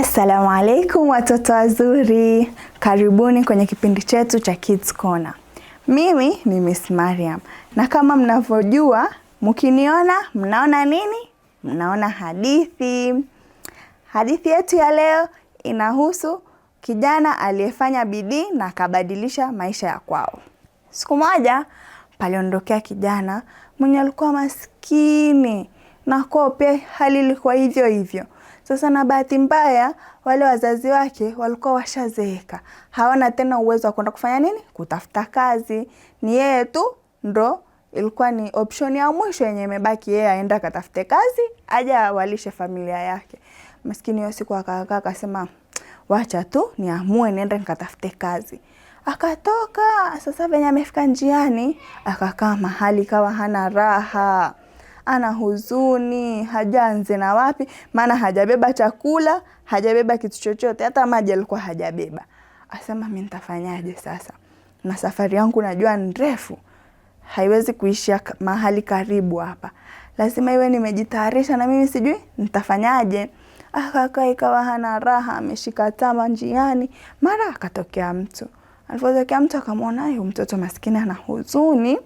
Assalamu alaikum watoto wazuri, karibuni kwenye kipindi chetu cha Kids Corner. Mimi ni Miss Mariam na kama mnavyojua, mkiniona mnaona nini? Mnaona hadithi. Hadithi yetu ya leo inahusu kijana aliyefanya bidii na akabadilisha maisha ya kwao. Siku moja paliondokea kijana mwenye alikuwa maskini na kwao pia hali ilikuwa hivyo hivyo sasa na bahati mbaya wale wazazi wake walikuwa washazeeka, hawana tena uwezo wa kwenda kufanya nini, kutafuta kazi. Ni yeye tu ndo ilikuwa ni option ya mwisho yenye imebaki, yeye aende akatafute kazi aje awalishe familia yake. Maskini hiyo siku akakaa akasema, wacha tu niamue niende nikatafute kazi. Akatoka sasa, venye amefika njiani, akakaa mahali kawa hana raha ana huzuni, hajaanze na wapi, maana hajabeba chakula, hajabeba kitu chochote, hata maji alikuwa hajabeba. Asema mimi nitafanyaje sasa, na safari yangu najua ni ndefu, haiwezi kuishia mahali karibu hapa, lazima iwe nimejitayarisha, na mimi sijui nitafanyaje. Akaka ikawa hana raha, ameshika tama njiani, mara akatokea mtu. Alipotokea mtu akamwona yule mtoto maskini ana huzuni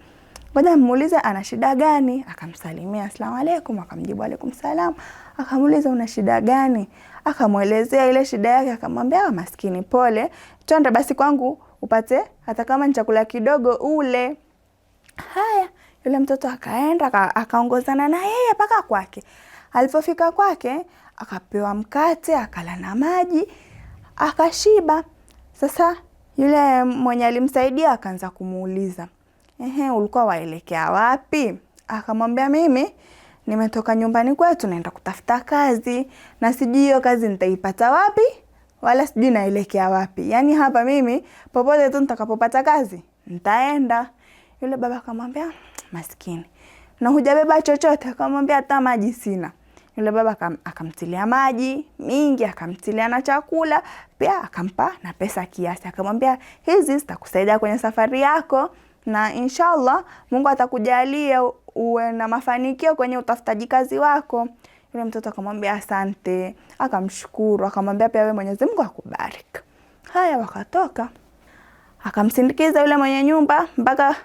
baada mmuuliza ana shida gani? Akamsalimia asalamu alaykum, akamjibu alaykum salam, akamuuliza una shida gani? Akamwelezea ile shida yake, akamwambia wa ah, maskini, pole, twende basi kwangu upate hata kama ni chakula kidogo ule. Haya, yule mtoto akaenda akaongozana na yeye mpaka kwake. Alipofika kwake, akapewa mkate, akala na maji, akashiba. Sasa yule mwenye alimsaidia akaanza kumuuliza ehe, ulikuwa waelekea wapi? Akamwambia mimi nimetoka nyumbani kwetu naenda kutafuta kazi, na sijui hiyo kazi nitaipata wapi, wala sijui naelekea wapi. Yaani hapa mimi popote tu nitakapopata kazi nitaenda. Yule baba akamwambia maskini, na hujabeba chochote? Akamwambia hata maji sina. Yule baba akamtilia maji mingi, akamtilia na chakula pia, akampa na pesa kiasi, akamwambia hizi zitakusaidia kwenye safari yako na inshallah Mungu atakujalia uwe na mafanikio kwenye utafutaji kazi wako. Yule mtoto akamwambia asante, akamshukuru, akamwambia pia wewe Mwenyezi Mungu akubariki. Haya, wakatoka akamsindikiza yule mwenye nyumba mpaka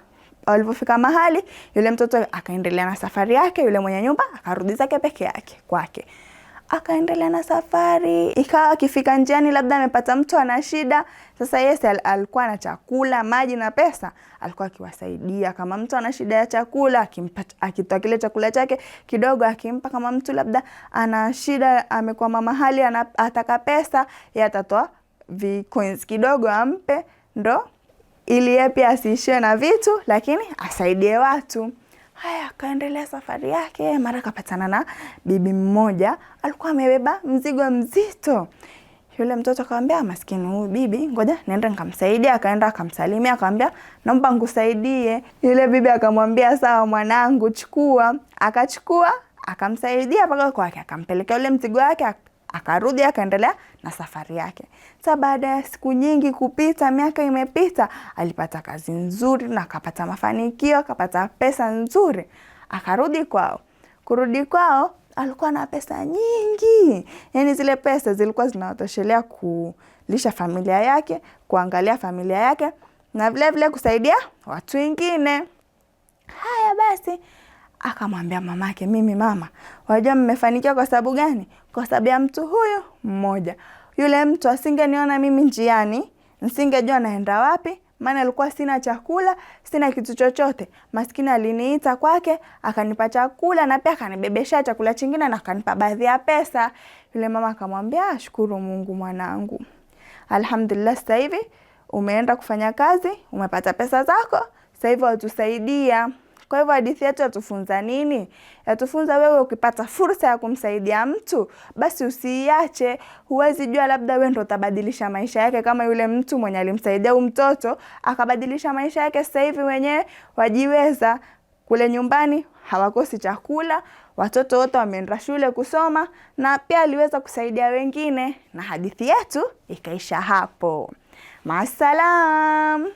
walipofika mahali, yule mtoto akaendelea na safari yake, yule mwenye nyumba akarudi zake peke yake kwake akaendelea na safari. Ikawa akifika njiani, labda amepata mtu ana shida. Sasa yes, al alikuwa na chakula, maji na pesa, alikuwa akiwasaidia. Kama mtu ana shida ya chakula, akimpa akitoa kile chakula chake kidogo akimpa. Kama mtu labda ana shida, amekwama mahali, anataka pesa, yeye atatoa vicoins kidogo ampe, ndo ili yeye pia asiishiwe na vitu, lakini asaidie watu. Haya, akaendelea safari yake. Mara akapatana na bibi mmoja, alikuwa amebeba mzigo mzito. Yule mtoto akamwambia, maskini huyu bibi, ngoja nenda nikamsaidia. Akaenda akamsalimia, akamwambia, naomba ngusaidie. Yule bibi akamwambia, sawa mwanangu, chukua. Akachukua, akamsaidia mpaka kwake, akampelekea ule mzigo wake. Akarudi akaendelea na safari yake. Sasa baada ya siku nyingi kupita, miaka imepita, alipata kazi nzuri na akapata mafanikio, akapata pesa nzuri, akarudi kwao. Kurudi kwao alikuwa na pesa nyingi, yaani zile pesa zilikuwa zinatoshelea kulisha familia yake, kuangalia familia yake na vilevile vile kusaidia watu wengine. Haya basi akamwambia mamake, mimi mama, wajua mmefanikiwa kwa sababu gani? Kwa sababu ya mtu huyo mmoja. Yule mtu asingeniona mimi njiani, nsingejua naenda wapi, maana alikuwa sina chakula, sina kitu chochote. Maskini aliniita kwake, akanipa chakula na pia akanibebeshea chakula chingine na akanipa baadhi ya pesa. Yule mama akamwambia, shukuru Mungu mwanangu, alhamdulillah, sasa hivi umeenda kufanya kazi, umepata pesa zako, sasa hivi watusaidia. Kwa hivyo hadithi yetu yatufunza nini? Yatufunza wewe ukipata fursa ya kumsaidia mtu, basi usiiache. Huwezi jua, labda wewe ndo utabadilisha maisha yake, kama yule mtu mwenye alimsaidia huyu mtoto akabadilisha maisha yake. Sasa hivi wenyewe wajiweza, kule nyumbani hawakosi chakula, watoto wote wameenda shule kusoma, na pia aliweza kusaidia wengine, na hadithi yetu ikaisha hapo. Maasalam.